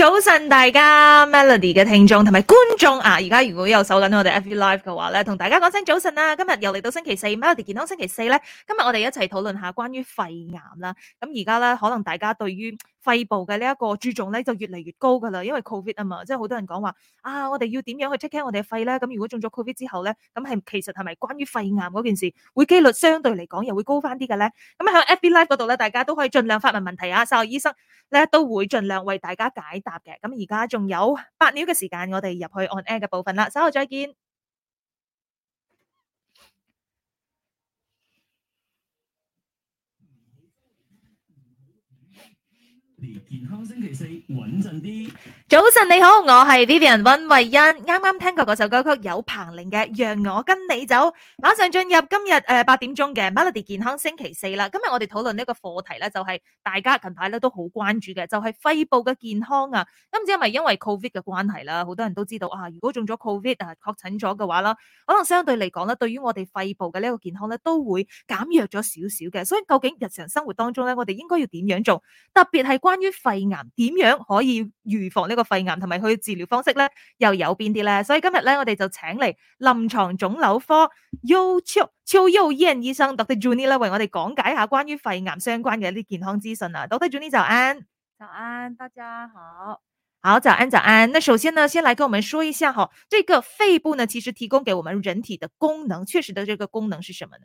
早晨，大家 Melody 嘅聽眾同埋觀眾啊！而家如果有手緊我哋 Every Life 嘅話咧，同大家講聲早晨啦！今日又嚟到星期四，Melody 健康星期四咧。今日我哋一齊討論下關於肺癌啦。咁而家咧，可能大家對於肺部嘅呢一個注重咧就越嚟越高噶啦，因為 Covid 啊嘛，即係好多人講話啊，我哋要點樣去 check 我哋嘅肺咧？咁如果中咗 Covid 之後咧，咁係其實係咪關於肺癌嗰件事，會幾率相對嚟講又會高翻啲嘅咧？咁喺 FB Live 嗰度咧，大家都可以盡量發問問題啊，稍後醫生咧都會盡量為大家解答嘅。咁而家仲有八秒嘅時間，我哋入去 on air 嘅部分啦，稍後再見。健康星期四穩陣啲，早晨你好，我係 Vivian 溫慧欣。啱啱聽過嗰首歌曲，有彭羚嘅《讓我跟你走》。馬上進入今日誒八點鐘嘅 Melody 健康星期四啦。今日我哋討論呢個課題咧，就係大家近排咧都好關注嘅，就係肺部嘅健康啊。咁唔知係咪因為 Covid 嘅關係啦？好多人都知道啊，如果中咗 Covid 啊，確診咗嘅話啦，可能相對嚟講咧，對於我哋肺部嘅呢個健康咧，都會減弱咗少少嘅。所以究竟日常生活當中咧，我哋應該要點樣做？特別係關。關於肺癌點樣可以預防呢個肺癌，同埋佢治療方式咧，又有邊啲咧？所以今日咧，我哋就請嚟臨床腫瘤科邱超邱邱燕醫生，Dr. Juni 呢啦，為我哋講解下關於肺癌相關嘅一啲健康資訊啊！Dr. Juni 呢，早安早安。大家好，好早安早安。那首先呢，先嚟跟我們說一下哈，這個肺部呢，其實提供給我們人體的功能，確實的這個功能是什麼呢？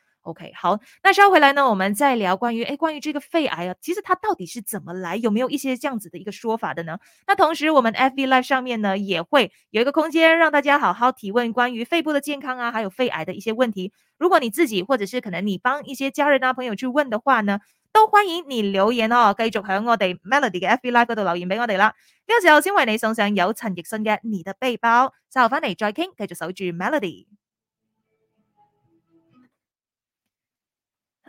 OK，好，那稍後回來呢，我們再聊關於，誒、欸，關於這個肺癌啊，其實它到底是怎麼來，有沒有一些這樣子的一個說法的呢？那同時，我們 FB l i v e 上面呢，也會有一個空間，讓大家好好提問關於肺部的健康啊，還有肺癌的一些問題。如果你自己，或者是可能你幫一些家人啊朋友去問的話呢，都歡迎你留言咯、哦，繼續響我哋 Melody 嘅 FB l i v e 嗰度留言俾我哋啦。呢個時候先為你送上由陳奕迅嘅你的背包，稍後返嚟再傾，繼續守住 Melody。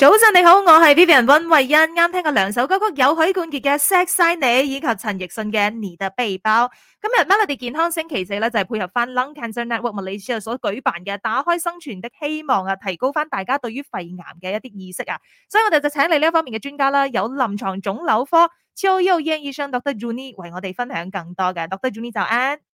早晨你好，我是 Vivian 溫慧欣，啱聽過兩首歌曲，有許冠傑嘅《錫晒你》，以及陳奕迅嘅《你的背包》。今日 Melody 健康星期四呢，就是配合 Lung Cancer Network Malaysia 所舉辦嘅《打開生存的希望》啊，提高返大家對於肺癌嘅一啲意識啊。所以我哋就請你呢方面嘅專家啦，有臨床腫瘤科超優醫生 Dr. Juni 為我哋分享更多嘅。Dr. Juni 就安。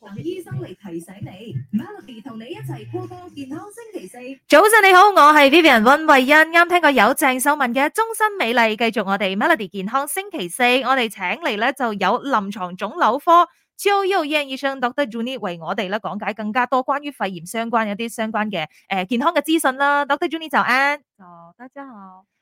讓醫生嚟提醒你。Melody 同你一齊過多健康星期四。早晨你好，我係 Vivian 溫慧欣，啱聽過有鄭秀文嘅《終身美麗》，繼續我哋 Melody 健康星期四，我哋請嚟咧就有臨床腫瘤科超 s s o 醫生 Doctor Johnny 為我哋咧講解更加多關於肺炎相關一啲相關嘅誒健康嘅資訊啦。Doctor Johnny 就安，大家好。謝謝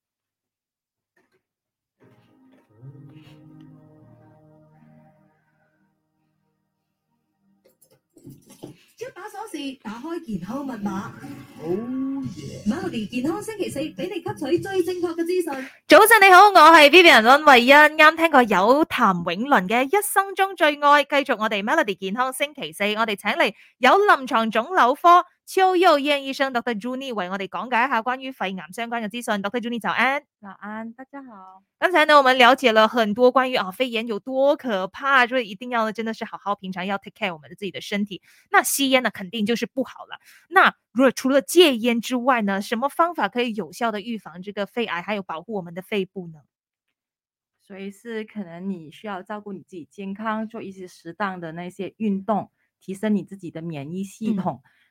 一把鎖匙打開健康密碼，好嘢！Melody 健康星期四俾你吸取最正確嘅資訊。早晨你好，我係 Vivian 溫慧欣，啱聽過有譚詠麟嘅一生中最愛，繼續我哋 Melody 健康星期四，我哋請嚟有臨床腫瘤科。邱佑燕醫生，doctor Junie，為我哋講解一下關於肺癌相關的資訊。doctor Junie，早安！早安，大家好。剛才呢，我們了解了很多關於啊肺炎有多可怕，所以一定要真的是好好平常要 take care 我們的自己的身體。那吸煙呢，肯定就是不好了。那如果除了戒煙之外呢，什麼方法可以有效的預防這個肺癌，還有保護我們的肺部呢？所以是可能你需要照顧你自己健康，做一些適當的那些運動，提升你自己的免疫系統。嗯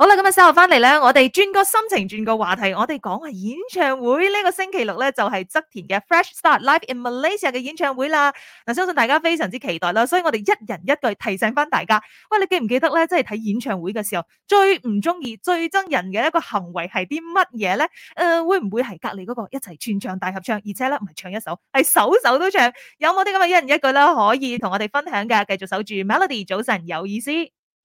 好啦，今日收學翻嚟咧，我哋轉個心情，轉個話題，我哋講係演唱會。呢個星期六咧就係側田嘅 Fresh Start Live in Malaysia 嘅演唱會啦。嗱，相信大家非常之期待啦，所以我哋一人一句提醒翻大家，喂，你記唔記得咧？即係睇演唱會嘅時候，最唔中意、最憎人嘅一個行為係啲乜嘢咧？誒、呃，會唔會係隔籬嗰個一齊全唱大合唱？而且咧唔係唱一首，係首首都唱。有冇啲咁嘅一人一句啦可以同我哋分享嘅。繼續守住 Melody，早晨有意思。